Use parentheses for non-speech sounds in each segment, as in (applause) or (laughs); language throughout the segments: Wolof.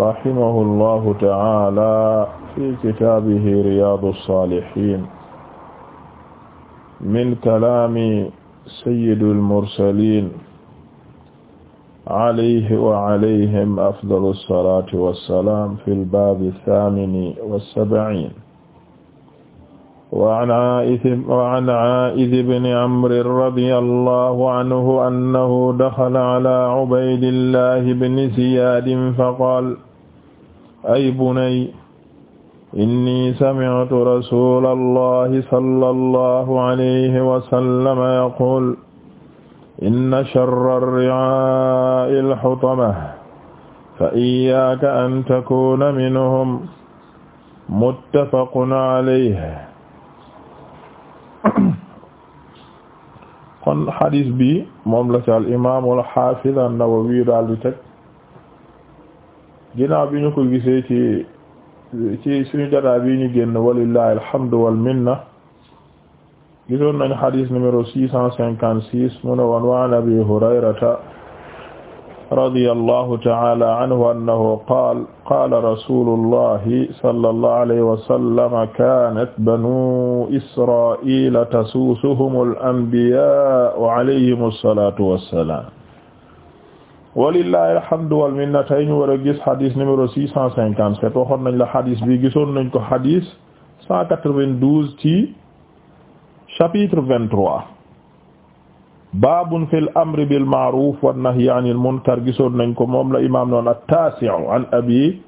rahimahu llahu taala fi kitaabihi riyaadu saalihiin min kalaami sayyidil mursaliin alayhi wa alayhim afdalu salaati wa salaam fil baabi saamini wa sab'iin waan Aa'iz ibn Amr radiyallahu anhu annahu daxala ala Ubaydillah ibn Ziyaad faqaala ay bunayya inni sami'tu rasuulallahi sallallahu alayhi wa sallam yaquulu inna sharra ar-ri'aa'i al-hutamah fa iyyaaka an takuuna minhum muttafaqun alayhi (coughs) kon hadis bi moom la ci al imaam al haafid an-Nawawi daal di teg ginnaaw bi ñu ko gise ci ci suñu jataa bi ñu génn walillahi alhamdu wal minna gisoon nañ hadis numéro six cent cinquante six mu ne woon wa an Abi radiyallahu ta'ala anhu annahu qaala qaala rasuulullahi sallallahu alayhi wa sallam kaanat banu israa'iila tasuusuhumul anbiyaa'u alayhimu salaatu wa salaam. walillahi alhamdu wal minna tey ñu war a gis hadis numéro six cent cinquante-sept waxoon nañ la hadis bi gisoon nañ ko hadis cent quatre-vingt-douze ci chapitre vingt-trois. baabun fil amri bil ma'ruuf wan nahyi anil munkar gisoon nañ ko moom la imaam noon at-taasi'u an abi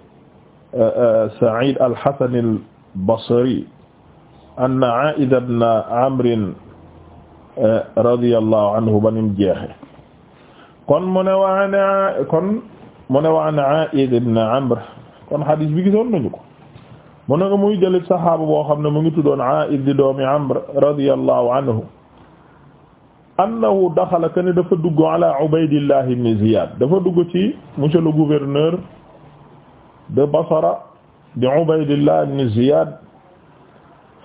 eh, eh, Sa'iid al-Hasan al-Basri anna Aa'ida bna Amrin eh, radiyallahu anhu ba nim jeexe kon mu ne wa an kon mu ne wa an Aa'id ibn Amr kon hadiis bi gisoon nañu ko mu ne nga muy jëlit sahaaba boo xam ne mu ngi tuddoon Aa'id di doomi Amr radiyallahu anhu annahu daxala que ne dafa dugg ala Ubaydillah ibn Ziyad dafa dugg ci monsieur le gouverneur de Basra di Ubaydillah ibn Ziyad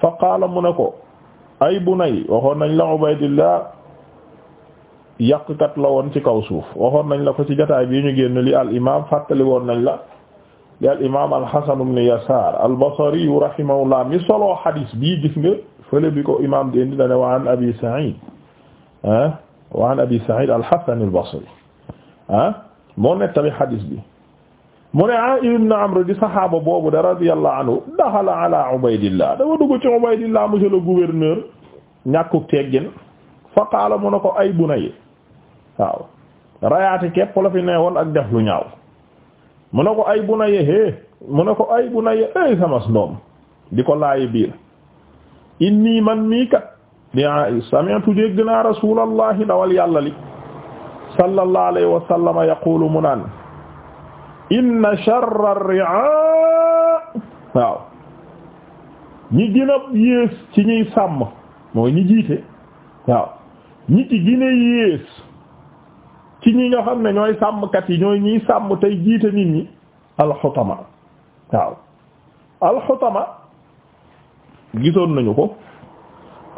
fa qaala mu ne ko ay bunay waxoon nañ la Ubaydillah yàqkat la woon ci kaw suuf nañ la ko ci jotaay bii ñu génn li al imam fàttali woon nañ la li al imam al Hasan ibn Yasar al Basri rahimahullah mi solo hadis bi gis nga fële bi ko imam di dane wa an Abi Sa'id wa an abi Sa'id al-Hasan al-Basri ah moo nettali xadis bi mu ne Aa'il ibn Amr di saxaaba boobu da radiyallahu anhu daxala ala Ubaydillah dafa dugg ci Ubaydillah monsieur le gouverneur ñàkkuk teggin fa mu ne ko ay bunay waaw rayaate képp la fi neewoon ak def lu ñaaw mu ne ko ay bunay hee mu ne ko ay bunay ay samas ndoom di ko laayi biir inni man mii kat di sami'tu dégg naa rasulallahi ndawal yàlla li sallallahu alayhi wa sallama yaqulu mu naan inna sharra ar-ri'a waaw ñi gën a yées ci ñuy sàmm mooy ñi jiite waaw ñi ci gën a ci ñi nga xam ne ñooy sàmmkat yi ñooy ñiy sàmm tey jiite nit ñi alxutama waaw alxutama gisoon nañu ko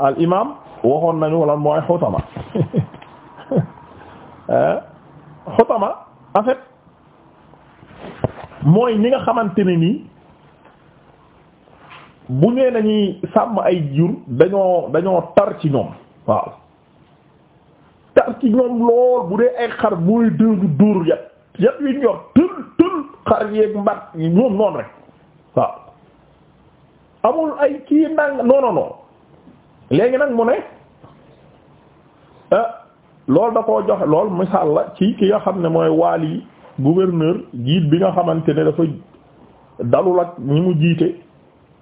al imaam waxoon nañu lan mooy xutama (laughs) eh? xutama en mooy ñi nga xamante ne nii bu ñëwee nañuy sàmm ay jur dañoo dañoo tar ci ñoom waaw tar ci ñoom lool bu dee ay xar mooy dëngu dóor yat yat yu ñor tël tël xar yeeg mbat ñoom noonu rek waaw amul ay kii nang non non léegi nag mu ne ah, loolu da koo jox lool misaal la ci ki nga xam ne mooy waal waali gouverneur jiit bi nga xamante ne dafa dalul ak ñi mu jiite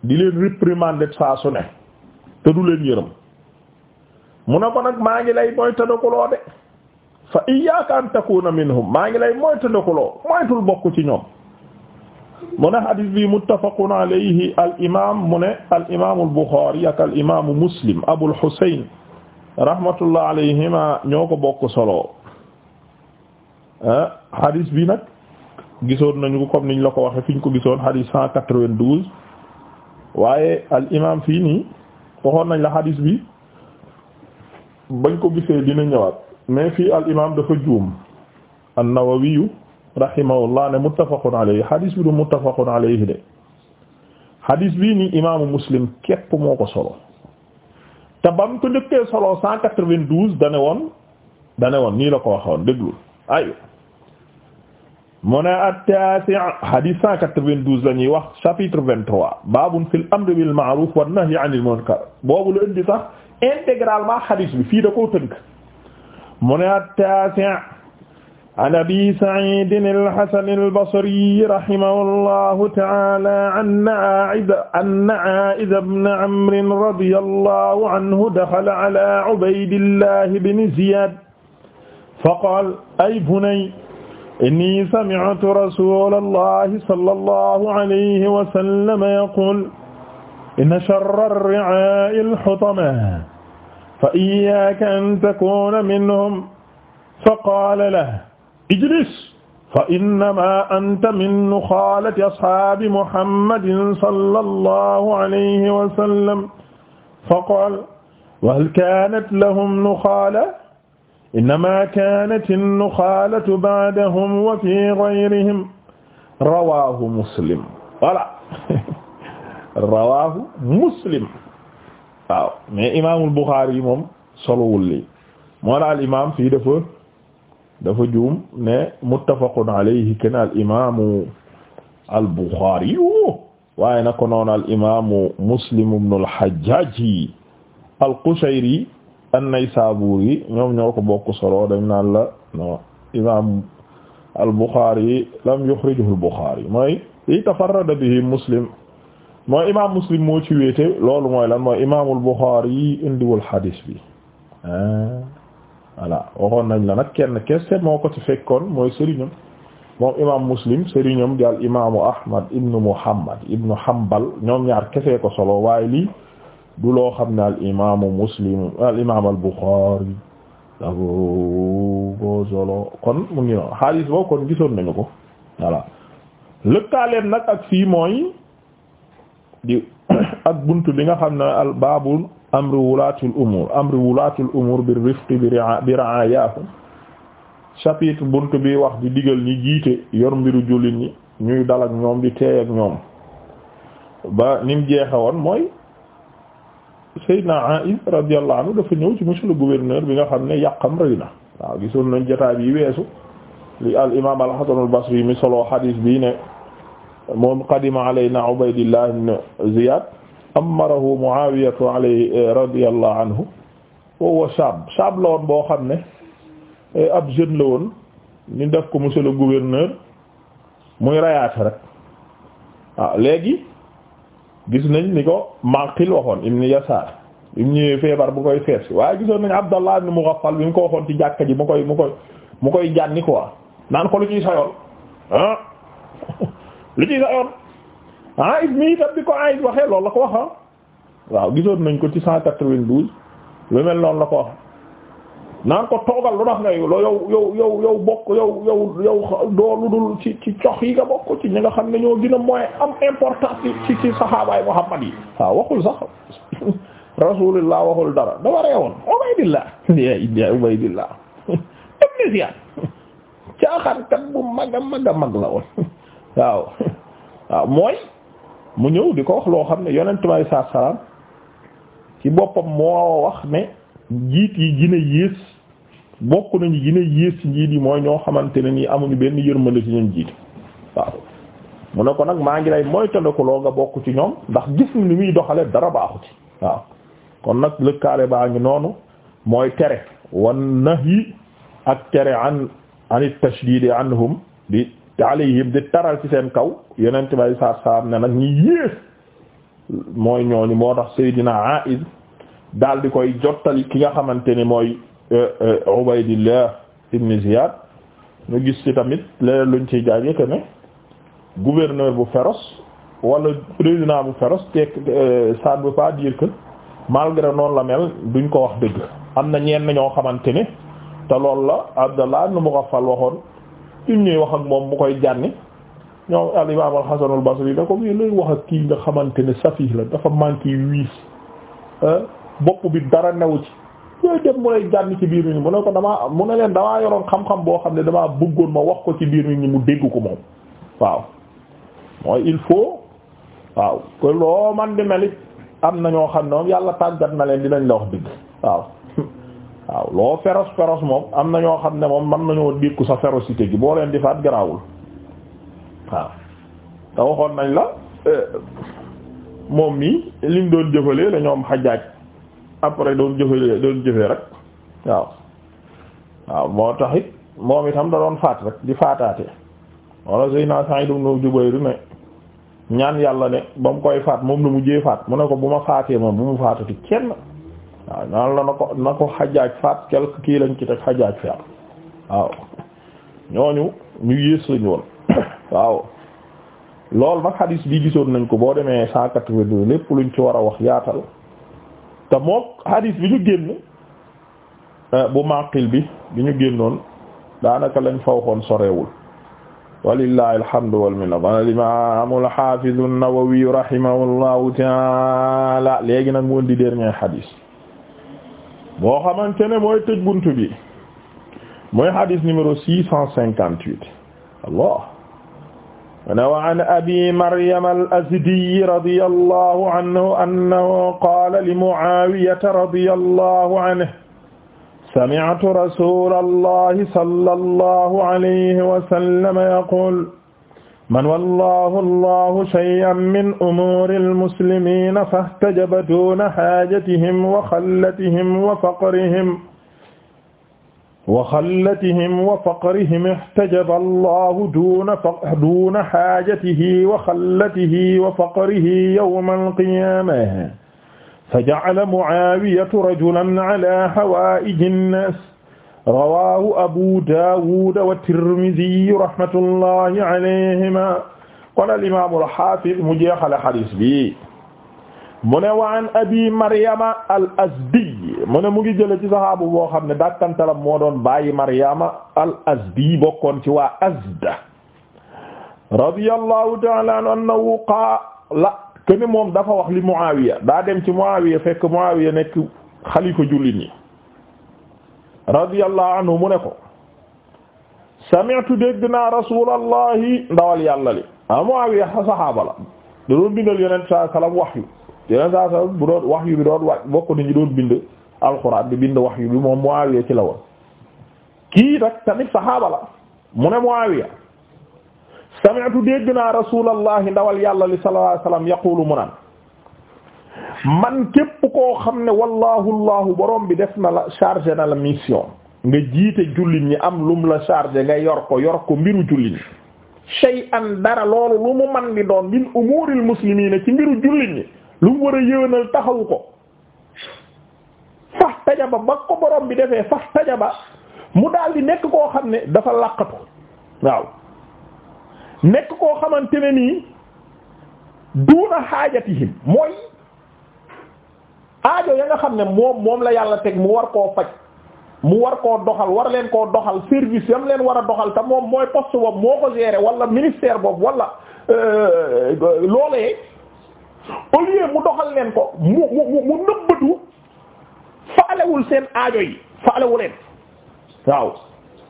di leen réprimander saa su ne te du leen yërëm mu ne ko nag maa ngi lay mooy tëddakuloo de fa iyyaka an takuna minhum maa ngi lay mooy tëddakuloo moytul bokk ci ñoom mu ne hadis bi muttafaqun alayhi al imam mu ne al imaamu al-Buxaari ak al imaamu Muslim Abul Husayn rahmatullah alayhima ñoo ko bokk solo hadis eh, bi nag gisoon nañu ko comme niñ la ko waxee fi ñu ko gisoon hadis cent quatre-vingt-douze waaye al imam fii nii waxoon nañ la hadis bi bañ ko gisee dina ñëwaat mais fii al imam dafa juum an-Nawawiyu rahimahullah ne muttafaqun alayhi hadis bi du muttafaqun alayhi de hadis bii ni imaamu muslim képp moo ko solo te bam ko njëkkee solo 192 dane woon dane woon nii la ko waxoon déglu ayu mu ne at-taasi' hadis 192 la ñuy wax chapitre 23 babun fil amri bil ma'ruf wan nahyi 'anil munkar boobu la indi sax intégralement hadis bi fii da koo tënk mu ne at-taasi' an abi saidin alhasan albasri rahimahullahu taala anna aida anna aida bna amrin radiyallahu anhu daxala ala ubaydillahi bni ziyad faqaal ay bunay inni sami'tu rasulallahi sallallahu alayhi wa sallam yaqul inna sharra ar-ri'aa'i al-hutama fa iyyaaka an takuuna minhum faqaala lahu ijlis fa innama anta min nuxaalati asxaabi muhammadin sallallahu alayhi wa sallam fa qaala wa hal kaanat lahum nuxaala innama kaanat an-nuxaalatu ba'dahum wa fii gayrihim rawaahu muslim voilà (laughs) rawaahu muslim waaw mais imaamul Buxaari yi moom solowul lii moo al imaam fii dafa dafa juum ne muttafaqun alayhi ken al imaamu al buxaari waaye nag ko noonu al imaamu muslim ibnu al hajjaaji al qushayri an-naysaburi ñoom ñoo ko bokk solo dañ naan la no imaam al buxaari lam yuxrijuhu al buxaari mooy i tafarrada bihi muslim mooy muslim moo ci wéete loolu mooy lan mooy imaamul buxaari indiwul hadis bi ah. voilà waxoon nañ la nag kenn kese moo ko ci fekkoon mooy sëriñam moom imam muslim sëriñam di al imaamu ahmad ibnu muhammad ibnu hanbal ñoom ñaar kese ko solo waaye lii du loo xam ne al imaamu muslim al imaam al buxaari dago ko solo kon mu ngi noonu xaalis boo kon gisoon nañu ko voilà lëkkaaleen nag ak fii mooy di (coughs) ak buntu bi nga xam ne al baabul amri wulaatul umuur amri wulaatul umuur bi rifqi bi bi ra'ayaahum chapitre bunt bi wax di digal ñi jiite yor mbiru jullit ñi ñuy dalak ñoom di teey ñoom ba nim jeexe woon mooy Seydina Aïs radiyallahu anhu dafa ñëw ci monsieur le gouverneur bi nga xam ne yàqam rëy na waaw gisoon nañ jotaay bi weesu li al imaam al Hasan al Basri mi solo hadis bi ne moom qadima alayna Ubaydillah ibn Ziyad amarahu Muawiyatu alayhi eh, radiyallahu anhu wa huwa shaab shaab la woon boo xam ne eh, ab jeune la woon ñu def ko monsieur le gouverneur muy rayaate rek waaw ah, léegi gis nañ ni ko Maqil waxoon ibn Yasaar bi feebar bu koy fees waaye gisoon nañ Abdallah ibn Mughaffal bi mu ko waxoon ci jàkka ji mu koy mu koy mu koy jànni quoi naan ko lu ciy sayoon lu ciy sayoon ah, (laughs) ah it itam bi ko ayib waxee loolu la ko wax ah. waaw gisoon nañ ko ci cent quatre-vingt-douze lu mel noonu la ko wax naan ko toogal lu nax nga yow yow yow yow bokk yow yow yow doolu dul ci ci cox yi nga bokk ci ñi nga xam ne ñoo gën a mooy am important ci ci saxaabaay Muhammad yi waaw waxul sax (laughs) rasulullah waxul dara da reewoon Ubaydillah (laughs) ya Ubaydillah (laughs) ibn Ziyad caaxaankat bu mag a mag la woon waaw waaw mooy mu ñëw di ko wax loo xam ne yonent may saa salaam ci boppam moo wax ne njiit yi gën a yées bokk nañu gën a yées ci njiit yi mooy ñoo xamante ne nii amuñu benn yërmande ci ñun jiit waaw mu ne ko nag maa ngi lay moytandikuloo nga bokk ci ñoom ndax gis ni muy doxale dara baaxu ci waaw kon nag lëkkaale baa ngi noonu mooy tere wan yi ak tere an anit tashdid anhum di alayhim di taral ci seen kaw yeneen bay saar saar ne nag ñi yées mooy ñooñu moo tax Seydina Aiz daal di koy jottali ki nga xamante ne mooy euh, euh, Ubaydillah ibn Ziyad ñu gis ci tamit leneen luñ ci jaajëf que ne gouverneur bu féroce wala président bu féroce tek euh, ça ne veut pas malgré noonu la mel duñ ko wax dëgg am na ñenn ñoo xamante ne te loolu la Abdallah ibn Mughaffal waxoon fi ñuy wax ak moom mu koy jànni ñoom al imam al Hasan da ko mii lay wax ak kii nga xamante ne safih la dafa manqué wiis ah bopp bi dara new ci yooyu dem mu lay jànn ci biir nit ñi mu ne ko damaa mu ne leen damaa yoroon xam-xam boo xam ne damaa bëggoon ma wax ko ci biir nit ñu mu dégg ko moom waaw mooy il faut waaw que loo man di melit am na ñoo xam ne moom yàlla tàggat na leen dinañ la wax dëgg waaw waaw loo féroce féroce moom am na ñoo xam ne moom man nañoo dékku sa férocité gi boo leen di garaawul waaw te waxoon nañ la euh, moom mi liñ doon jëfalee la ñoom xajaaj après doon jëfalee doon jëfe rek waaw waaw moo taxit moom itam da doon faat rek di faataate wala Seydina Sa'id ibn Jubayr ne ñaan yàlla ne ba mu faat moom la mujjee faat mu ne ko bu ma faatee ma bu mu faatati kenn waaw ñaan la na ko na ko xajaaj faat kii lañ ci teg xajaaj faat waaw ñu yées lañu woon (coughs) waaw loolu nag hadis bi gisoon nañ ko boo demee cent lépp luñ ci war a wax yaatal te mook hadis bi ñu génn eh, bu maqil bi bi ñu génnoon daanaka lañ fa waxoon sorewul walillahi alhamdu wal minna qala al-imam al-hafiz ta'ala léegi nag mu di dernier hadis boo xamante ne mooy tëj buntu bi mooy hadis numéro six cent cinquante-huit Allah ne wa an abi maryam al-azdi radiyallahu anhu annahu qaala li muaawiyata radiyallahu anhu sami'tu rasuulallahi sallallahu alayhi wa sallam yaquul man wallaahu allahu shay'an min umuuril muslimiina fahtajaba duuna haajatihim wa xallatihim wa faqrihim wa xallatihim wa faqrihim ihtajaba allahu duuna duuna xaajatihi wa xallatihi wa faqrihi yawma alqiyaama fa ja'ala mucaawiyatu rajulan calaa hawaaiji nnaas rawaahu abu daawuda wa tirmiziyu rahmatullahi calayhimaa qaala al-imaamul xaafid mu jeexale xadiis bi mune ne wa an abi maryama al azdi mu ne mu ngi jële ci saxaabu boo xam ne dàkkantalam moo doon bàyyi maryama al bokkoon ci waa azda radiyallahu ta'ala anhu annahu qaala kene moom dafa wax li muawiya daa dem ci muawiya fekk muawiya nekk xalifa jullit ñi radiyallahu anhu mu ne ko sami'tu dégg naa rasulallahi ndawal yàlla li a ah, muawiya saxaaba la da doon bindal yonent sallallahu alayhi wasallam yeneen saa sa bu doon wax yu bi doon wàcc bokk nañu doon bind alxuraan bi bind wax yu bi moom Muawiya ci la woon kii nag tamit saxaaba la mu ne Muawiya sami'tu dégg naa rasulallahi ndawal yàlla li sallallahu alayhi wasallam yaqulu mu naan man képp ko xam ne wallahu allahu borom bi def la chargé na la mission nga jiite jullit ñi am lum la chargé nga yor ko yor ko mbiru jullit ñi shay'an dara loolu lu mu man di doon min umuuril muslimiina ci mbiru jullit ñi lu mu war a yéwénal taxawu ko fax tajaba ba ko borom bi defee fax tajaba mu daal nekk koo xam ne dafa laqatu waaw nekk koo xamante ne nii duuna xaajatihim mooy aajo ya nga xam ne moom moom la yàlla teg mu war koo faj mu war koo doxal war leen koo doxal service yam leen war a doxal te moom mooy poste boobu moo ko gérer wala ministère boobu wala euh, loolee au lieu mu doxal leen ko mu mu mu nëbbatu faalewul seen aajo yi faalewu leen waaw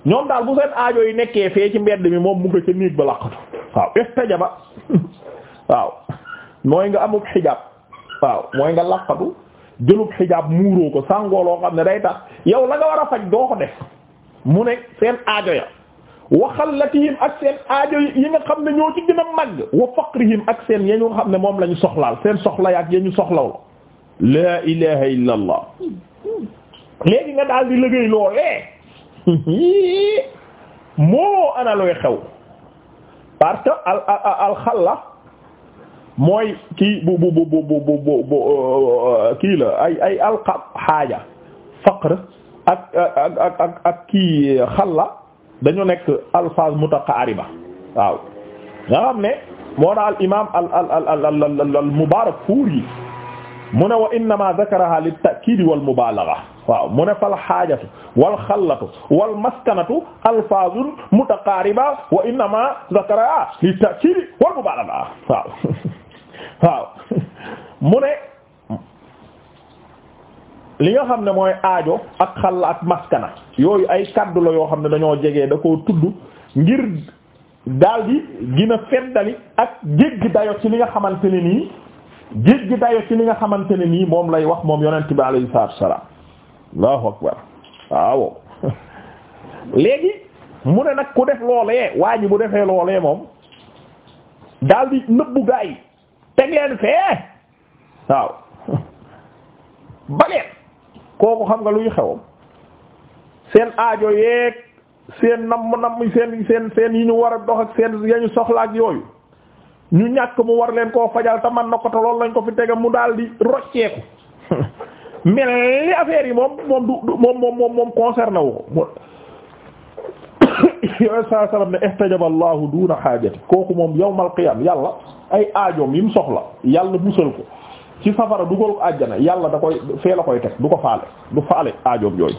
ñoom daal bu seen aajo yi nekkee fee ci mbedd mi moom mu nga ca néeg ba laqatu waaw istajaba (laughs) waaw mooy nga amub xijaab waaw mooy nga laqatu jëlub xijaab muuroo ko sàngoo loo xam ne day tax yow la nga war a faj doo ko def mu ne seen aajo ya wa xallatihim ak seen aajo yi nga xam ne ñoo ci gën a màgg wa faqrihim ak seen ya ñu xam ne moom lañu ñu soxlaal seen soxla yaak ya ñu soxlaw la laa ilaha illa allah léegi nga daal di liggéey loolee moo ana xew parce al xalla mooy kii bu bu bu bu bu bu euh, kii la ay ay alqab xaaja faqr ak ak ak ak kii xalla dañu nekk alfaaz mutaqaariba waaw nga xam ne moo daal imaam al al al al al Mubaarakfuuri mu ne wa innamaa dakarahaa lit-ta'kiid wal mubaalagha waaw mu ne fal haajatu wal xallatu wal maskanatu alfaazun mutaqaariba wa innamaa dakarahaa lit-ta'kiid wal mubaalagha waaw (laughs) waaw mu ne li nga xam ne mooy aajo ak xal ak maskana yooyu ay kaddu la yoo xam ne dañoo jege da koo tudd ngir daal di gën a feddali ak jéggi dayo ci li nga xamante ne nii jéggi dayo ci li nga xamante ne nii moom lay wax moom yonent bi alayhi salaatu wassalaam waaw (laughs) léegi mu ne nag ku def loolee waa ji bu defee loolee moom daal di nëbbu gaa yi teg leen fee waaw (laughs) baleen kooku xam nga lu luy xewam seen aajo yeeg seen namm namm seen seen seen yi ñu war a dox ak seen yañu soxla ak yooyu ñu ñàkk mu war leen koo fajal te man na ko te loolu lañ ko fi tege mu daal di rocceeku (laughs) mel li affaire yi moom moom du moom moom moom wu ko (coughs) yooyu saa sallam ne ihtajaba allahu duna xaajati kooku moom yawmal qiyam yàlla ay aajoom yi mu soxla yàlla musal ko ci safara du ko àjjana yàlla da koy fee koy teg du ko faale du faale aajoom yooyu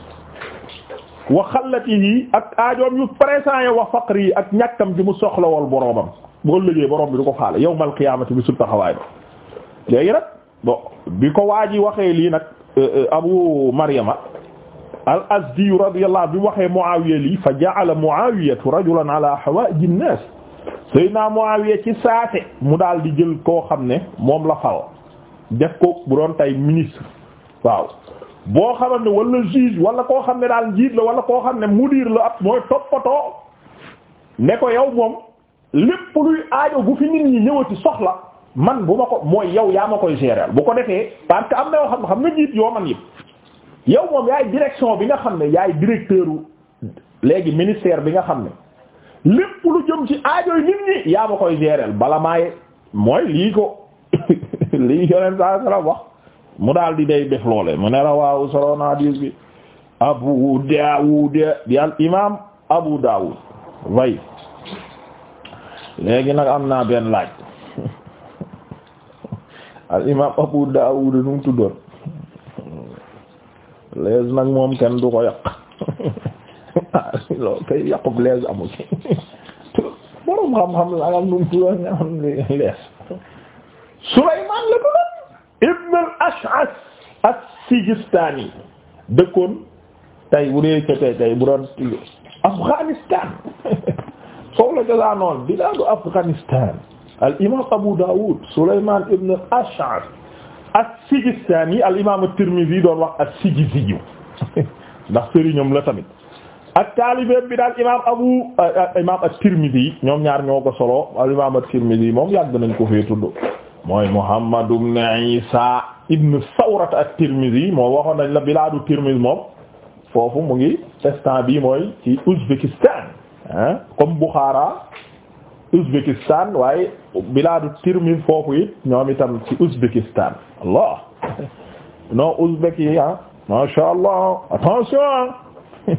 wa xallati ak aajoom yu présent ya wa faqri ak ñàkkam ji mu soxlawal boroomam boo liggéey boroom bi du ko faale yawmal qiyaamati bi sultaxawaay ba léegi nag bon bi ko waa ji waxee lii nag euh, euh, abu maryama al azdi radiyallahu bi waxee muawiya lii fa ja'ala muawiyatu rajulan ala hawaaji an-naas sayna muawiya ci saase mu daal di jël koo xam ne moom la fal def ko bu doon tey ministre waaw boo xamante ne wala juge wala koo xam ne daal njiit la wala koo xam ne mudir la ab mooy toppatoo ne ko yow moom lépp luy aajo bu fi nit ñi ñëwati soxla man bu ma ko mooy yow yaa ma koy gérer bu ko defee parce am na yoo xam ne xam na njiit yoo man yëpp yow moom yaay direction bi nga xam ne yaay directeur léegi ministère bi nga xam ne lépp lu jëm ci aajo yi nit ñi yaa ma koy gérer bala maay mooy lii ko (laughs) lii yoneen saa sala mu daal di day def loole mu ne rawaawu soloon hadis bi Abu Daawud di al imam Abu Daawud way léegi nag am naa benn laaj (laughs) al imam Abu Daawud nu mu tuddoon nag moom kenn du ko yàq (laughs) loolu kay yàqub lees amul (laughs) xam-xam la nga am nu mu Sulaymaan la tuddoon ibn al-Ash'as as dëkkoon tey bu dee tey tey bu doon Afghanistan (laughs) foofu la cosaanoon bilaadu Afghanistan al-imaam Abu Daawud Sulaymaan ibn al-Ash'as as-Sijistaani al-imaam at-Tirmidhi doon wax as-Sijizi (laughs) ndax sëriñam la tamit ak taalibeem bi daal imaam Abu imaam at-Tirmidhi ñoom ñaar ñoo ko solo al-imaam at-Tirmidhi moom yàgg nañ ko fee tudd. mooy Muhammad ibn Isa ibn Sawrat at-Tirmizi moo waxoon nañ la bilaadu Tirmiz moom foofu mu ngi instant bi mooy ci Ouzbékistan ah comme Bukhara waay waaye bilaadu Tirmiz foofu it ñoom ci Ouzbékistan Allah (laughs) non Ouzbek yi ah masha Allah attention (laughs)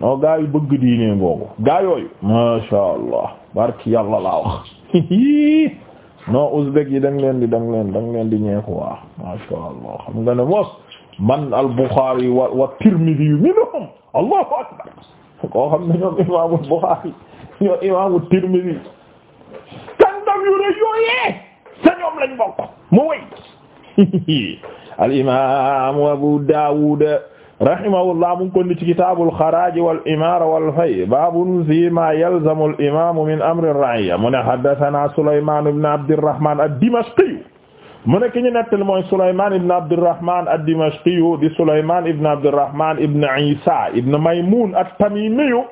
non gaa yu bëgg diine ngoogu gaa yooyu masha Allah barki yàlla laa wax (laughs) non ouzbek yi da leen di da leen da nga di ñeeku waa masha allah xam nga ne man al Bukhari wa wa Tirmidhi yu minhum allahu akbar koo xam ne ñoom imaamu Bukhari ñoom imaamu Tirmidhi kandam yu ne sa ñoom lañ bokk mu wéy (laughs) al imaamu Abu Dawud rahimahullah mu ngi kon ci kitaabul xaraaj wal imaara wal fay baabun fi maa yalzamu al imaamu min amri ra'iya mu ne haddasanaa Sulaymaan ibn Abdirrahmaan ad-Dimashqiyu mu ne ki ñu nettali mooy Sulaymaan ibn Abdirrahmaan ad-Dimashqiyu di Sulaymaan ibn Abdirrahmaan ibn Iisaa ibn Maymuun at-Tamiimiyu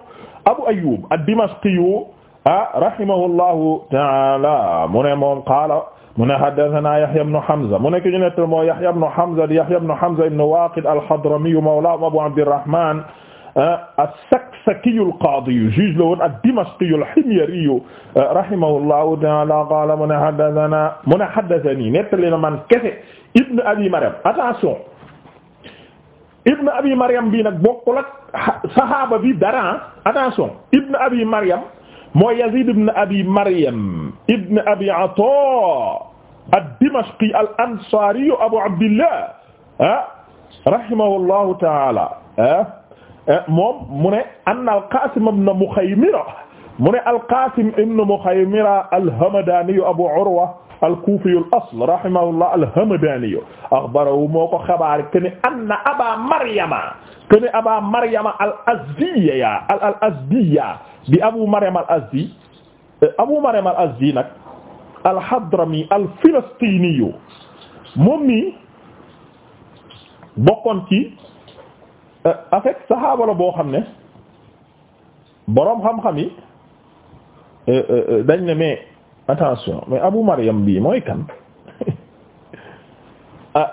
Abu Ayyuub ad-Dimashqiyu ah rahimahullahu ta'aala mu ne moom qaala mu ne haddathana Yahya ibn Hamza mu ne ki ñu nettal moo Yahya ibn Hamza di Yahya ibn Hamza ibn Waqid al-Hadrami mawlahum Abu Abdirrahman ah, as-Saksaki al-Qadi juge la woon ad-Dimashqi al-Himyari rahimahullahu ta'ala qala mu ne haddathana mu ne haddathani nettali na man kese Ibn Abi Maryam attention Ibn Abi Maryam bi nag bokkul ak saxaaba bi dara attention Ibn Abi Maryam mooy Yazid ibn Abi Maryam ibn Abi Ata ad-Dimashqi al-Ansari Abu Abdillah ah rahimahullahu ta'ala ah, ah, moom mu ne anna al-Qasim ibn Mukhaymira mu ne al-Qasim ibn Mukhaymira al-Hamadani Abu Urwa al-Kufi al-asl rahimahullah al-Hamadani akhbarahu moo ko xabaar ken anna Aba Maryama ken Aba Maryama al-Azdiya al-Azdiya di abu mariam al azdi euh, abu mariam al azdi nag al hadrami al filistiniyu moom mii bokkoon ci euh, en fait la boo xam ne boroom xam-xam yi euh, dañ ne mais attention mais abu mariam bii mooy kan (laughs) ah,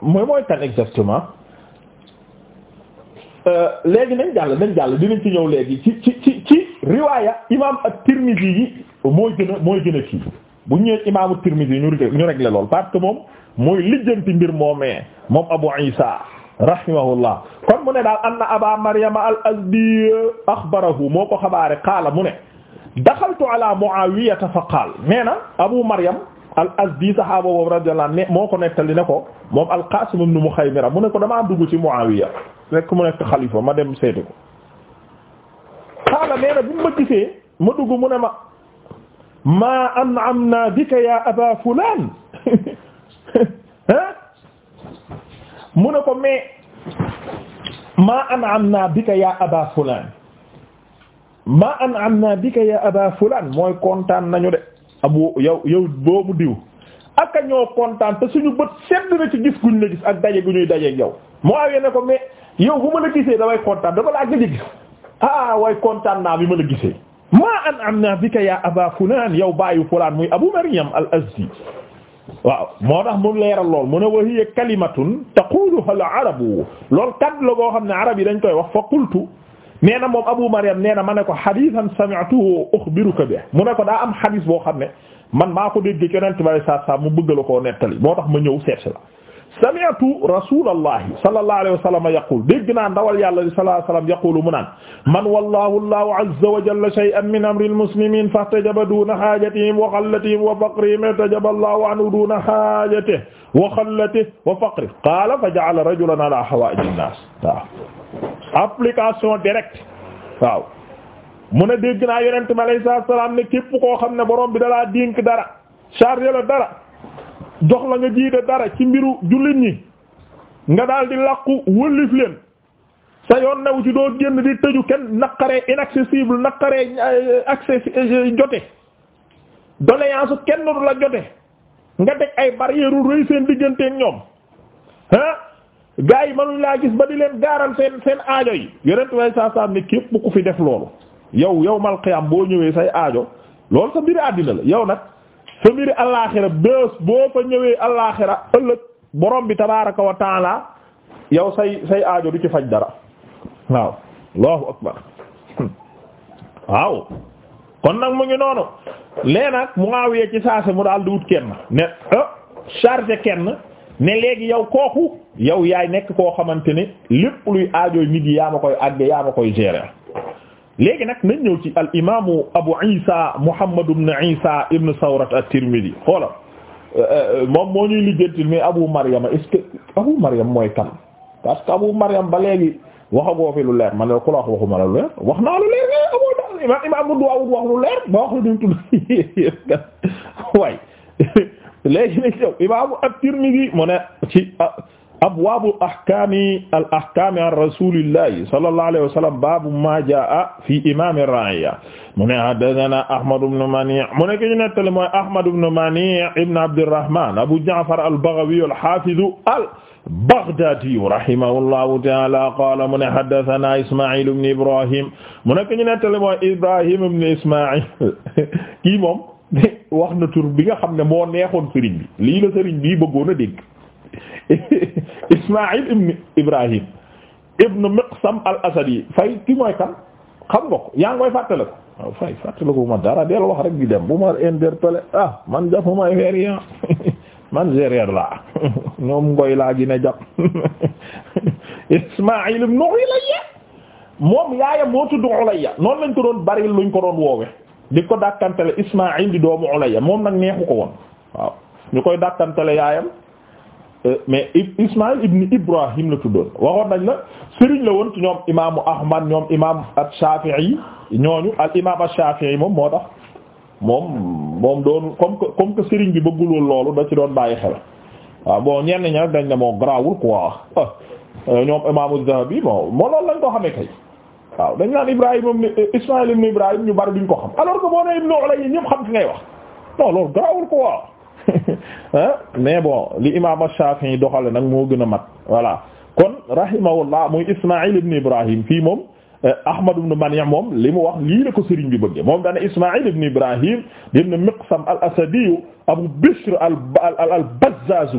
mooy mooy kan exactement Euh, léegi nañ jàll nañ jàll dinañ ci ñëw léegi ci ci ci ci riwaaya imaam at-Tirmidhi yi mooy gën a mooy gën a kii bu ñu ñëwee imaamu Tirmidhi ñu ñu réglé lool parce que moom mooy lijjanti mbir moomee moom Abu Isa rahimahullah kon mu ne daal anna aba maryama al azdi axbarahu moo ko xabaare qaala mu ne daxaltu ala Muawiyata fa qaal nee na abu maryam al azdi saxaaba boobu radiyallahu anhu moo ko nettali na ko moom al qaasim mu muxaymira mu ne ko damaa dugg ci muawiya rekk mu nekk xalifa ma dem seeti ko xaala nee na bi mu ma gisee ma dugg mu ne ma maa an'amna bika ya aba (laughs) fulaan maa an'amna bika bika ya aba fulaan mooy kontaan nañu de abu yow yow boobu diw ak a ñoo kontaan te suñu bët sedd na ci gis guñ la ak daje gu ñuy dajeeg yow Muawiya ne ko mais yow bu ma la damay kontaan dama laa gëj a gis ah way kontaan naa bi ma la gisee. maa an'amna bika ya aba fulaan yow baayu fulaan muy abu Maryam al-Azdi waaw moo tax la leeral lool mu ne wa hiya kalimatun taquluha al-arabu lool kaddu la goo xam ne arab yi dañ koy wax fa qultu nee na moom Abu Maryam nee na ma ne ko hadithan sami'tuhu ukhbiruka bi mu ne ko daa am hadith boo xam ne man maa ko dégg ci Yonent bi sallallahu alayhi wasallam mu bëgg la koo nettali moo tax ma ñëw seet si la. sami'tu rasulallahi sallallahu alayhi wa sallam yaqul dégg naa ndawal yàlla sallallahu alayhi wa sallam yaqulu mu naan man wallahu allahu azza wa jalla shay'an min amri almuslimin fahtajaba duna haajatihim wa xallatihim wa faqrihim ihtajaba allahu anhu duna haajatihi wa xallatihi wa faqrihi qaala fa ja'ala rajulan ala hawaaiji nnaas waaw application directe waaw mu ne dégg naa yonent mi alayhi salaam ne képp koo xam ne borom bi dalaa dénk dara chargé la dara jox la nga jiite dara ci mbiru jullit ñi nga daal di làqu wëllif leen sa yoon new ci doo génn di tëju kenn naqaree inaccessible naqaree euh, accès euh, jote doléance kenn du la jote nga teg ay barrière u rëy seen digganteeg ñoom ah gars yi mënuñ laa gis ba di leen gaaral seen seen aajo yi yonent way saa saa ne képp ku fi def loolu yow yow mal xiyaam boo ñëwee say aajo loolu sa mbiri àddina la yow nag sa mbiri allaaxira bés boo fa ñëwee allaaxira ëllëg borom bi tabaaraka wa taala yow say say aajo du ci faj dara waaw allahu akbar (laughs) waaw kon nag mu ngi noonu lee nag Muawiya ci saase mu daal di wut kenn ne ah chargé kenn ne léegi yow kooku yow yaay nekk koo xamante ni lépp luy aajo nit yi yaa ma koy àgge yaa ma koy gérer léegi nag nañ ñëw ci al imaamu Abu Isa Muhammad ibn Isa ibn Sawrat at-Tirmidhi xoola euh, euh, moom moo ñuy lijjanti mais Abu Maryam est-ce que Abu Maryam mooy kan parce que Abu Maryam ba léegi waxagoo fi lu leer man la ku la wax waxuma la lu leer wax naa lu leer mais Abu Daawud imaam imaam Daawud wax lu leer ba wax lu duñ tudd (laughs) waay (laughs) léegi nag yow imaamu at-Tirmidhi mu ne ci ah, abwaabu ahkaami al ahkaami an rasuulillahi sallallahu alayhi wa sallam baabu maa jaa'a fi imaami ra'iya mu ne haddathana Ahmad ibn Mani' mu ne ki ñu nettali mooy Ahmad ibn Mani' ibn Abdirrahman Abu Ja'far al-Baghawi al-Hafiz al-Baghdadi rahimahullahu ta'ala qala mu ne haddathana Isma'il ibn Ibrahim mu ne ki ñu nettali mooy Ibrahim ibn Isma'il kii moom wax na tur bi nga xam ne moo neexoon sëriñ bi lii la sëriñ bi bëggoon a dégg (laughs) Ismaïl ibn Ibrahim ibn Miqsam al-Asadi fay ki mooy kan xam nga ko yaa ngi koy ko fay fàttale ko ma dara del wax rek di dem bu ma interpellé ah man jafumay feria man gérer laa ñoom ngoy laa gi ne jàpp (laughs) Ismaïl ibn moom yaayam moo tudd Ulayya noonu lañ ko doon bari luñ ko doon woowe di ko dàkkantale Ismaïl di doomu Ulayya moom nag neexu ko woon ñu koy dàkkantale yaayam Euh, mais Ismaïl ibn Ibrahim la tuddoon waxoon nañ la sëriñ la woon ci ñoom imaamu Ahmad ñoom imaam Shafi'i ñooñu al imaam Shafi'i moom moo tax moom moom doon comme que comme que sëriñ bi bëggulul loolu da ci doon bàyyi xel waaw bon ñenn ñi dañ ne moo garaawul quoi ah, euh, ñoom imaamu Zahabi bon moo loolu lañ ko xamee kay waaw dañ naan Ibrahim Ismaïl ibn Ibrahim ñu bari duñ ko xam alors que boo nee Ibn Ulayya ñëpp xam fi ngay wax non ko garaawul (laughs) mais bon li imam Shafi'i doxale nag moo gën a mat voilà kon rahimahullah muy Ismaïl ibn Ibrahim fii moom eh, Ahmad ibn Mani' moom li mu wax lii la ko sëriñ bi bëgge moom dane Ismaïl ibn Ibrahim ibn Miqsam al-Asadi Abu Bishr al al al Bazzaz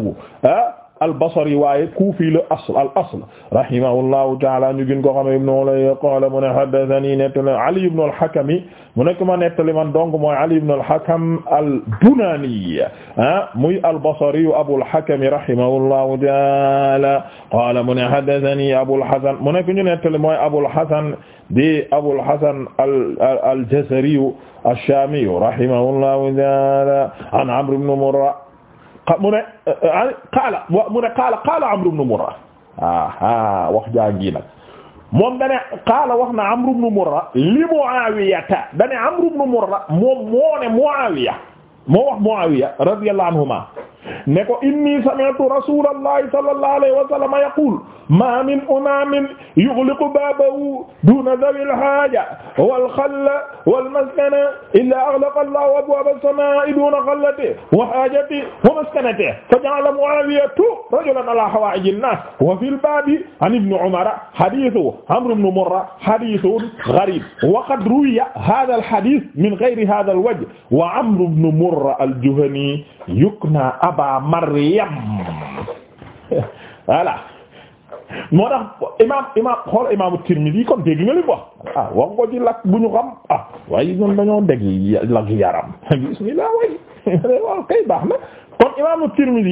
ah al-Basri waaye Kufi la asl al-asl rahimahullahu ta'ala ñu gën ko xam ibn Ulayya qala mu ne haddathani nettali Ali ibn al-Hakam mu nekk ma nettali man donc mooy Ali ibn al-Hakam al-Bunani ah muy al-Basri Abu al-Hakam rahimahullahu ta'ala qala mu ne haddathani Abu al-Hasan mu nekk ñu nettali mooy Abu al-Hasan di Abu al-Hasan al-Jazari ash-Shami rahimahullahu ta'ala an Amr ibn Murra mu ne eh, eh, qaala mu ne qaala qaala Amr ibn Murra aha wax jaa ngi nag moom dane qaala wax na Amr ibn Murra li Muawiyata dane Amr ibn Murra moom moo ne Muawiya moo wax Muawiya radiyallahu anhuma ne ko inni sami'tu rasulallahi sallallahu alayhi wa sallam yaqul ma min umamin yughliqu babahu duna dhawi alhaja wal khalla wal maskana illa aghlaqa allahu abwaba as-sama'i duna khallatihi wa hajatihi wa maskanatihi faja'ala muawiyatu rajulan ala hawaiji an-nas wa fil babi an ibn umara hadithu amr ibn murra hadithun gharib wa qad ruwiya hadha al-hadith min ghayri hadha al-wajh wa amr ibn murra Qurra al-Juhani yukna Aba Maryam voilà moo tax imaam imaam xool imaamu kon dégg nga li wax ah wax ko ci làkk bu ñu xam ah yaram bismillah waaye eh, waaw kay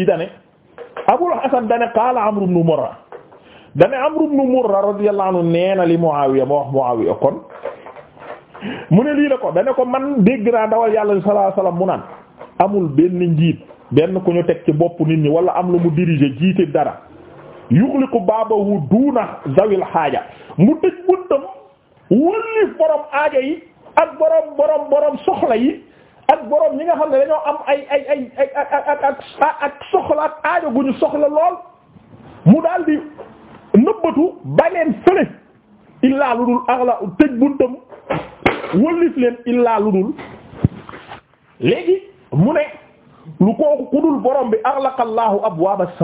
dane Abul Hasan dane qaala Amru ibn Murra dane Amru ibn Murra radiyallahu anhu nee li Muawiya moo wax Muawiya kon mu ne lii la ko dana ko man dégg naa dawal yàlla sallallahu mu naan amul benn njiit benn ku ñu teg ci bopp nit ñi wala am lu mu diriger jiite dara yuxliqu baabahu duuna zawil xaaja mu tëj buntam wëlli borom aaja yi ak borom borom borom soxla yi ak borom ñi nga xam ne dañoo am ay ay ay ak ak ak ak soxla ak aajo gu ñu soxla lool mu daldi di nëbbatu ba leen fële illaa lu dul axla tëj buntam. wëllif leen illaa lu dul léegi mu ne lu kooku ku dul borom bi axlaqallaahu abwaab as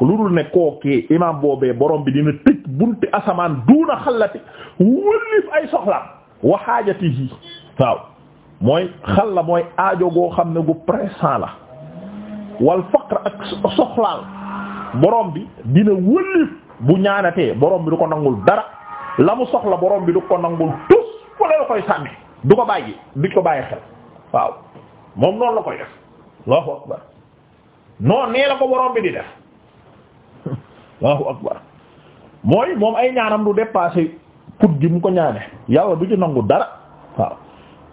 lu dul ne kookee imaam boobee borom bi dina tëj bunti asamaan duuna xallati wëllif ay soxlaam wa xaajatihi waaw mooy xalla mooy aajo goo xam ne gu pressant la wal faqr ak soxlaal borom bi dina wëllif bu ñaanatee borom bi du ko nangul dara la mu soxla borom bi du ko nangul tus la koy sànni du ko bàyyi du ko bàyyi xel waaw moom noonu la koy def allahu akbar noon nee la ko borom bi di def (laughs) allahu akbar mooy moom ay ñaanam du dépasser put gi mu ko ñaane yàlla du ci nangu dara waaw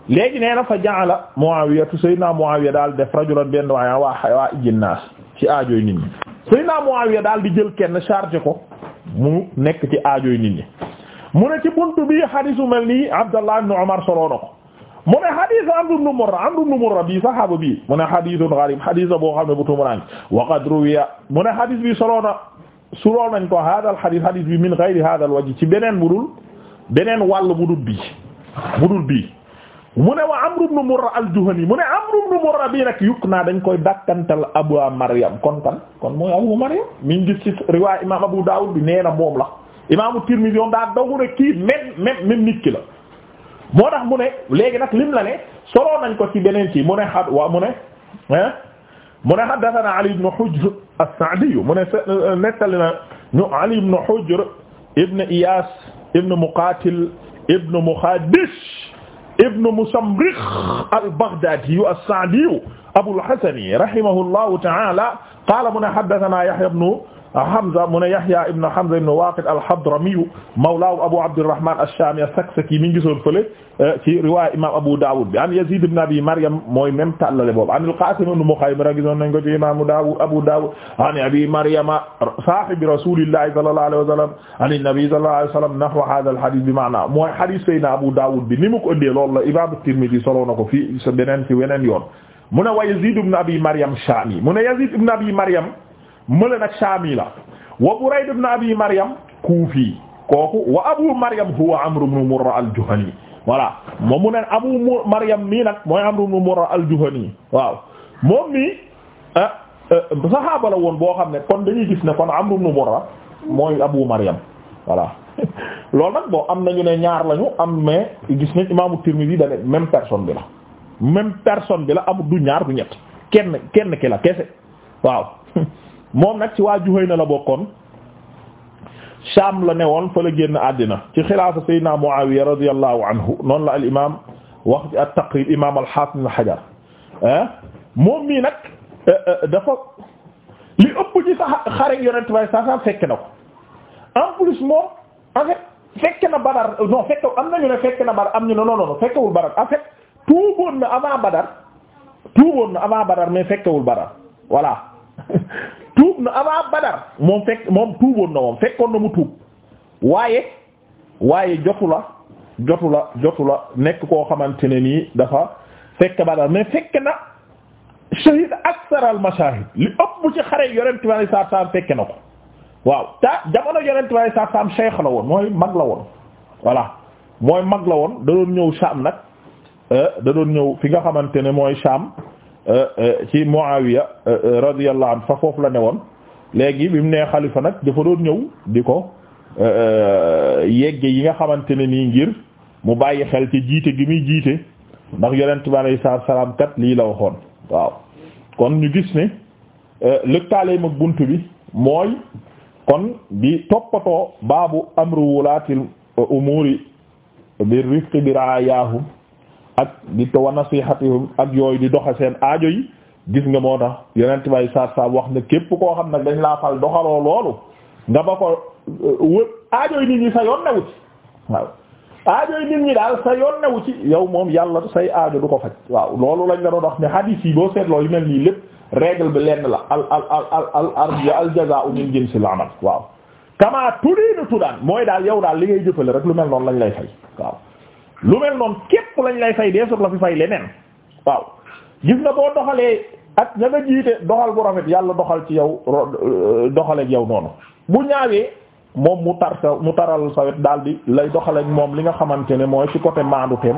léegi nee na fa jaala Muawiya tu Seydina Muawiya daal def rajulan benn waaye waa waa ijjin naas ci aajoy nit ñi Seydina Muawiya daal di jël kenn charge ko mu nekk ci aajoy nit ñi mu ne ci buntu bi xadisu mel nii Abdallah ibn Umar soloo na ko mu ne xadis Amr ibn Murra Amr ibn Murra bii sahaaba bii mu ne xadisun garib xadis la boo xam ne bu tumurank wa qad ruwiya mu ne xadis bi soloo na soloo nañ ko hada al xadis xadis bi min gayri hada al wajh ci beneen budul beneen wàll budul bii budul bii mu ne wa Amr ibn Murra al-Juhani mu ne Amr ibn Murra bii nag yukk naa dañ koy dakkantal Abu Maryam kon kan kon mooy Abu Maryam mi ngi gis ci riwaay imam Abu Dawud bi nee na moom la imaamu Tirmidhi yoon daa dogu ne kii même même même nit ki la moo tax mu ne léegi nag lim la ne soroon nañ ko ci beneen ci mu ne xad waa mu ne ah mu ne haddathana Ali ibn Hujr as-Sa'di mu ne nettali na ñu Ali ibn Hujr ibn Iyas ibn Muqatil ibn Mukhadish ibn Musamrikh al-Baghdadi as-Sa'di Abul Hasan rahimahullahu ta'ala qala mu ne haddathana Yahya ibn Hamza mu ne Yahya ibn Hamza ibn Waqid al-Hadramiyu mawlaahu Abu Abdurrahman ash-Shami as-Saksaki mi ngi gisoon fële eh, ci riwaaya imam Abu Dawud bi an Yazid ibn Abi Maryam mooy même tallale boobu an al-Qasim ibn Mukhaymira gisoon nañ ko ci imam Dawud Abu Dawud an Abi Maryama sahibi rasulillahi sallallahu alayhi wa sallam an an-nabi sallallahu alayhi wa sallam nahwa hadha al-hadith bi ma'na mooy hadith Seydina Abu Dawud bi ni mu ko ëndee loolu la imam Tirmidhi soloo na ko fii sa beneen ci weneen yoon mu ne wa Yazid ibn Abi Maryam Shami mu ne Yazid ibn Abi Maryam mële nag Shaami la wa Burayd ibn Abi Maryam Kuufi kooku wa Abu Maryam huwa Amr ibn Murra al-Juhani voilà moom mu ne Abu Maryam mii nag mooy Amr mu Murra al-Juhani waaw moom mii ah, ah, saxaaba la woon boo xam ne kon dañuy gis ne kon Amr ibn Murra mooy Abu Maryam voilà (laughs) loolu nag bon am nañu ne ñaar lañu am mais gis nañ imaamu Tirmidhi da ne même personne bi la même personne bi la amul du ñaar du ñett kenn kenn ki la kese waaw (laughs) moom nag ci waa Juhayna la bokkoon Sham la newoon fa la génn àddina ci xilaafa Seydina Muawiya radiyallahu anhu noonu la al imaam wax ci at-Taqrib imaam al-Hafiz Ibn Hajar eh? moom mii nag eh, eh, dafa li ëpp ci sax xare yonent bay saasan fekk na ko en plus moom en fait na Badar non fekk am nañu ne fekk na Badar am ñu ne non non fekkewul Badar en fait tuuboon na avant Badar tuuboon na avant Badar mais (laughs) tuub na avant badar moom fekk moom tuuboon na moom fekkoon na mu tuub waaye waaye jotu la jotu la jotu la nekk koo xamante ne nii dafa fekk badar mais fekk na shahid ak al mashahid li ëpp ci xare yonent bi alayhi salaam fekk na ko waaw ta jamono yonent bi alayhi salaam cheikh la woon mooy mag la woon voilà mooy mag la woon da doon ñëw Sham nag euh, da doon ñëw fi nga xamante mooy Sham Euh, euh, ci Muawiya euh, radiyallahu anhu fa foofu la ne woon léegi bi mu nee xalifa nag dafa doon ñëw di ko yegge yi nga xamante ne nii ngir mu bàyyi xel ci jiite gi muy jiite ndax yonent bi alayhi salaatu salaam kat lii la waxoon waaw kon ñu gis ne lëkkaale mag bunt bi mooy kon bi toppatoo baabu amru wulaatil umuuri bi rifqi bi raayaahum ak di to wa nasihatihum ak yooyu di doxa seen aajo yi gis nga moo tax yeneen bay saat saab wax ne képp koo xam nag dañ laa fal doxaloo loolu nga ba ko euh, wë aajo yi nit ñi sa yoon waaw daal sa yoon ci yow moom yàlla say aajo du ko faj waaw loolu lañ la doon wax ne hadith yi mel nii lépp règle bi la al al al al al al jazaa'u min jinsil kamaa tudiinu tudaan mooy daal yow daal li ngay jëfale rek lu mel noonu lañ lay fay waaw lu mel noonu képp lañ lay fay dee sur la fi fay leneen waaw gis nga boo doxalee ak ña nga jiite doxal bu rafet yàlla doxal ci yow euh, doxaleek yow noonu bu ñaawee moom mu tar sa mu taral sa wet daal di lay doxaleek moom li nga xamante ne mooy ci côté maandu teem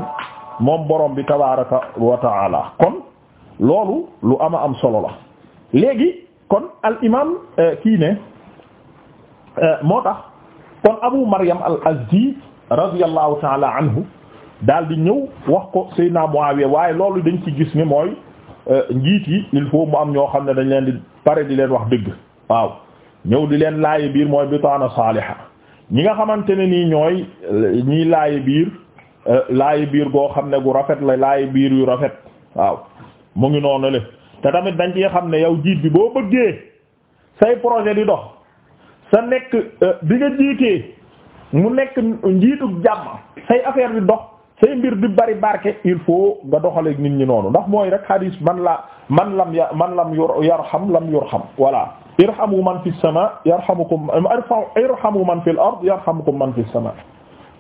moom borom bi tabaraka wa taala kon loolu lu ama am solo la léegi kon al imam euh, kii ne euh, moo tax kon abu maryam al azdi radiyallahu taala anhu daal di ñëw wax ko Seydina Muawiya waaye loolu dañ ci gis ni mooy euh, njiit yi il faut mu am ñoo xam ne dañ leen di pare di leen wax digg waaw ñëw di leen laaye biir mooy bitaana saaliha ñi nga xamante ne nii ñooy euh, ñii laaye biir euh, laaye biir goo xam ne gu rafet la laaye biir yu rafet waaw mu ngi noonu le te tamit dañ ci xam ne yow jiit bi boo bëggee say projet di dox sa nekk bi nga jiitee mu nekk njiitu jàmm say affaire di dox say mbir di bari barke il faut nga doxaleeg nit ñi noonu ndax mooy rek hadis man la man lam ya la lam yarham lam yurham voilà wu man fi sama yarhamukum irhamu man fi al-ard ko man fi sama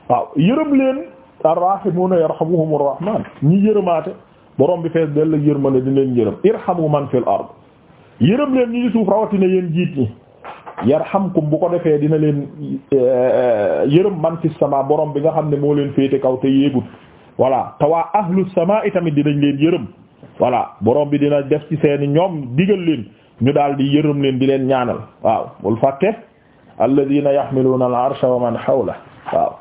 waaw yërëm leen ar-rahimuuna yarhamuhum ar-rahmaan ñi yërëmaate borom bi fees dell yërmande di leen yërëm irhamu man fi al-ard yërëm leen ñi suuf rawatina yéen jiit ñi xam yarhamkum bu ko defee dina leen eh, eh, yërëm man fi sama borom bi nga xam ne moo leen féete kaw te yéegut voilà te waa ahlu sama itamit dinañ leen yërëm voilà borom bi dina def ci seeni ñoom digal leen ñu daal di yërëm leen di leen ñaanal waaw bul fàtte alladina yahmiluna al arsha wa man hawla waaw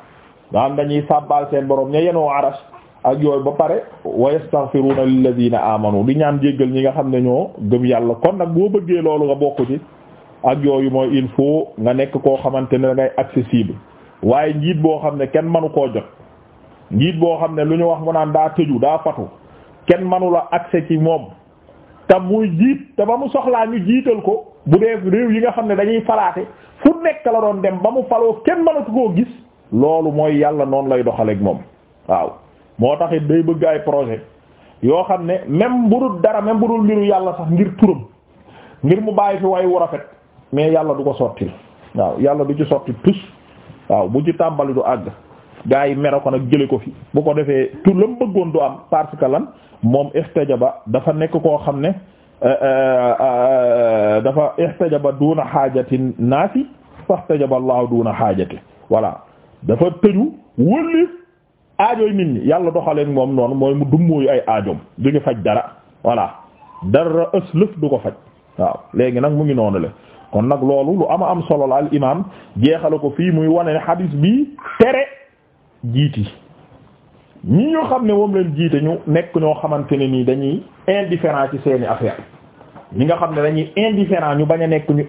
nga xam dañuy sàbbaal seen borom ña yenoo aras ak yooyu ba pare wa yastaghfiruna lilladina amanu di ñaan jéggal ñi nga xam ne ñoo gëm yàlla kon nag boo bëggee loolu nga bokk ci ak yooyu mooy info nga nekk koo xamante ne da ngay accessible waaye njiit boo xam ne kenn manu koo jot njiit boo xam ne lu ñu wax mu naan daa tëju daa fatu kenn manula accès ci moom te muy jiit te ba mu soxlaa ñu jiital ko bu dee réew yi nga xam ne dañuy falaate fu nekk la doon dem ba mu faloo kenn manatu koo gis loolu mooy yàlla noonu lay doxaleeg moom waaw moo taxit day bëgg ay projet yoo xam ne même bu dul dara même bu dul mbiru yàlla sax ngir turam ngir mu bàyyi fi wu rafet mais yàlla du ko sotti waaw yàlla du ci sotti tus waaw bu ci tàmbali du àgg gaa yi mere nag jële ko fi bu ko defee tu la mu bëggoon du am parce que lan moom ihtajaba dafa nekk koo xam ne euh, euh, euh, dafa ihtajaba duuna xaajati naasi fahtajaba Allahu duuna xaajati voilà dafa tëju wëlli aajooy nit ñi yàlla doxaleen moom noonu mooy mu dummóoyu ay aajoom du ñu faj dara voilà dara ëslëf du ko faj waaw léegi nag mu ngi noonu le kon nag loolu lu ama am solo la al imaam jeexale ko fii muy wane ne hadis bi tere yi ñi ñoo xam ne moom leen jiite ñu nekk ñoo xamante ne nii dañuy indifférent ci seeni affaire ñi nga xam ne dañuy indifférent ñu bañ a nekk ñu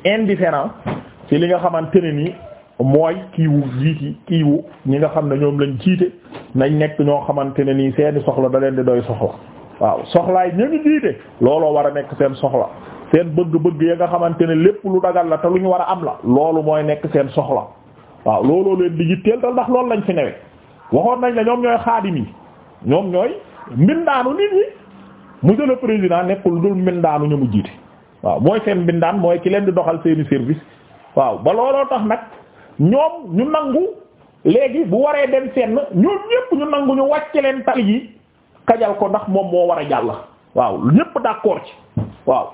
li nga xamante ne nii mooy kiiwu jiiti kiiwu ñi nga xam ne ñoom lañ jiite nañ nekk ñoo xamante ne nii seeni soxla da leen di doy soxla waaw soxlaay ña ñu jiite looloo war a nekk seen soxla seen bëgg-bëgg ya nga xamante ne lépp lu dagal la te lu ñu war a am la loolu mooy nekk seen soxla waaw looloo leen di yitteel te ndax loolu lañ fi newe waxoon nañ la ñoom ñooy xaadim yi ñoom ñooy mbindaanu nit ñi monsieur le président nekkul dul mbindaanu ñu mu jiite waaw mooy seen mbindaan mooy ki leen di doxal seeni service waaw ba looloo tax nag ñoom ñu nangu léegi bu waree dem seen ñoom ñépp ñu nangu ñu wàcce leen tal yi kajal ko ndax moom moo war a waaw ñépp d'accord ci waaw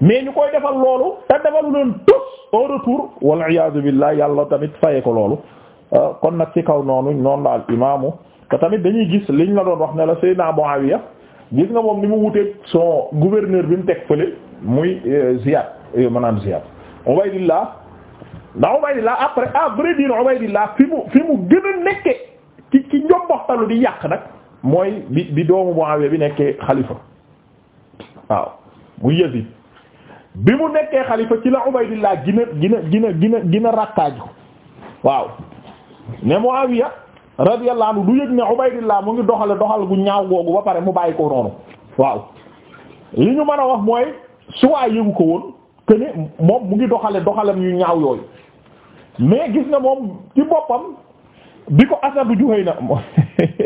mais ñu koy defal loolu te defalu leen tous au retour wal iyaazu billah yàlla tamit faye ko loolu euh, kon nag ci kaw noonu noonu la al imaamu te tamit dañuy gis liñ la doon wax ne la Seydina Muawiya gis nga moom ni mu wuteeg soo gouverneur bi mu teg fële muy euh, Ziyad euh, maanaam Ziyad Ubaydillah mu mu gën a nekke ci ci njomboxtalu di yàq nag mooy bi bi doomu Muawiya bi nekkee xalifa waaw muy Yazid bi mu nekkee xalifa ci la Ubaydillah gina gina gina gina gina rakkaaju waaw ne Muawiya radiyallahu anhu du yëg ne Ubaydillah mu ngi doxale doxal gu ñaaw googu ba pare mu bàyyi ko noonu waaw li ñu mën a wax mooy suwaa yëgu ko woon que moom mu ngi doxale doxalam yu ñaaw yooyu mais gis na moom ci boppam bi ko Asad Juhayna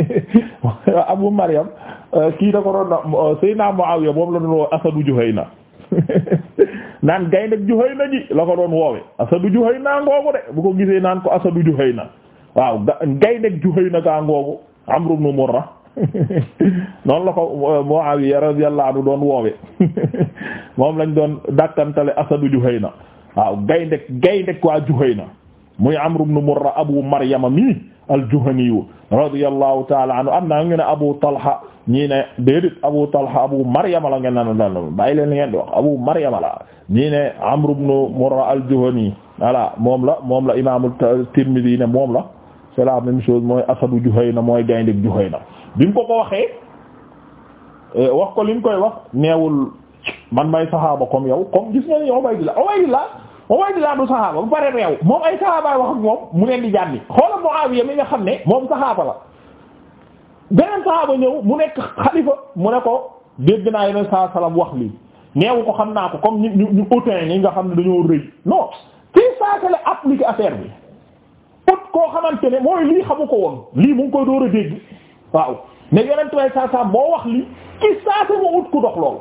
(laughs) Abu Maryam euh, kii da ko doon euh, Seydina Muawiya moom la doon Asad Juhayna (laughs) naan gaynde Juhayna ji la ko doon woowe asadu Juhayna ngoogu de bu ko gisee naan ko asadu na waaw gaynde Juhayna gaa ngoogu Amru ibn Murra (laughs) noonu la ko euh, Muawiya radiyallahu anhu doon woowe (laughs) moom lañ doon dàkkantale asadu na waaw gaynde gaynde waa Juhayna muy Amru ibn Murra Abu Maryama mi al-Juhaniyu radiyallahu ta'ala anhu am naa ngi ne Abu Talha ñii ne déedéet Abu Talha Abu Maryam la ngeen naan naan bàyyi leen li ngeen di wax Abu Maryam la ñii ne Amr Murra al-Juhani moom la moom la imaamu Tirmidhi ne moom la c'est la même chose mooy asadu Juhayna mooy gaynde Juhayna bi mu ko ko waxee euh, wax ko li mu koy wax neewul man may saxaaba comme yow comme gis nga ni Ubayd laa du saxaaba bu pare réew moom ay saxaabaay wax ak moom mu leen di jànni xoolal xam ne moom saxaaba la beneen saxaaba ñëw mu nekk xalifa mu ne ko dégg naa yeneen saa mu wax lii neewu ko xam naa ko comme ñu ñu autant ni nga xam ne dañoo rëy non fii saakale appliquer affaire bi ut koo xamante ne mooy lii xamu ko woon lii mu ngi koy door dégg waaw ne yeneen tubaab saa saa moo wax lii ci saasa mu ut ku dox loolu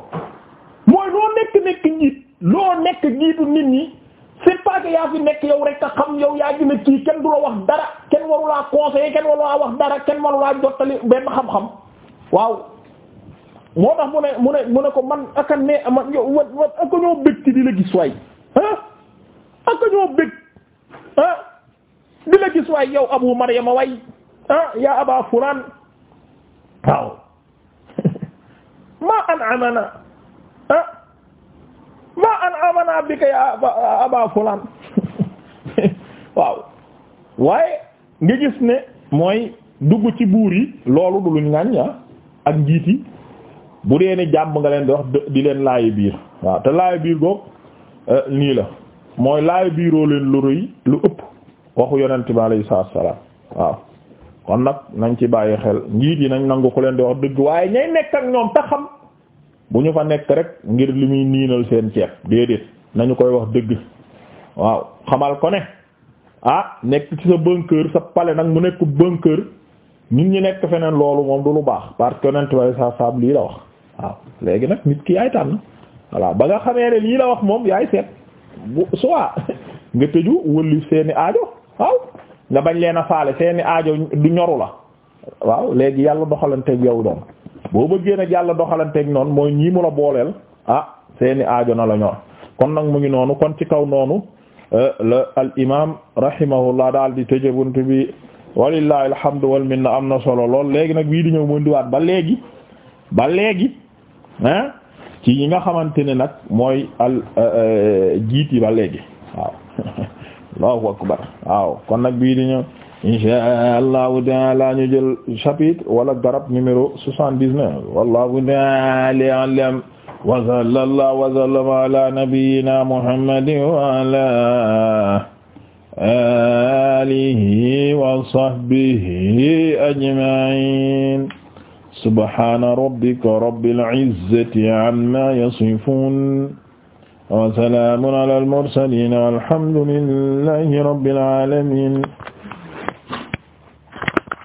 mooy loo nekk nekk njiit nit ñi c'est pas que yaa fi nekk yow rek a xam yow yaa gën a kii kenn du la wax dara kenn warulaa conseiller kenn warulaa wax dara kenn warulaa jottali benn xam-xam waaw moo tax mu ne mu ne mu ne ko man aka ne man yow wa aka ñoo bëgg la gis waay ah aka ñoo di la gis waay yow abu maryama waay ah yaa aba fulaan waaw (laughs) ma an amana ah ma an amana bika ya aba fulan (laughs) waaw waaye nga gis ne mooy dugg ci buur yi loolu du luñ ngañ ah, ak njiit yi bu dee ne jàmm nga leen di wax di leen laayi biir waaw te laayi biir goog eh, nii la mooy laayi biiroo leen lu rëy lu ëpp waxu yonent bi alayhi salaam waaw kon nag nañ ci bàyyi xel njiit yi nañ nangu ko leen di wax dëgg waaye ñay nekk ak ñoom ta xam bu ñu fa nekk rek ngir li muy niinal seen ceeb déedéet nañu koy wax dëgg waaw xamal ko ne ah nekk ci sa bunker sa palais nag mu nekk bunker nit ñi nekk feneen loolu moom du lu baax parce que yonent way sa saab lii la wax waaw léegi nag nit ki yaay tànn voilà ba nga xamee ne lii la wax moom yaay seet bu soit nga tëju wëllu seeni aajo waaw nga bañ leen a faale seeni aajo du ñoru la waaw léegi yàlla doxalanteeg yow doon boo bëggee na jàll doxalanteeg noonu mooy ñii mu la booleel ah seeni aajo na la ñor kon nag mu ngi noonu kon ci kaw noonu euh, la al imaam rahimahullah daal di tëje bunt bi walillahi alhamdu wal minna am na solo lool léegi nag bii di ñëw mu ndiwaat ba léegi ba léegi ah ci yi nga xamante ne nag mooy al euh, euh, jiit yi ba léegi waaw (laughs) allahu akbar waaw kon nag bii di ñëw insha allahu taala ñu jël chapitre wala garab numéro soixante-dix-neuf wallahu taala a'lam wa sallallahu wa sallama ala nabiyyina muhammadin wa ala alihi wa sahbihi ajma'in subhana rabbika rabbil izzati amma yasifun wa salamun ala al mursalin walhamdulillahi rabbil alamin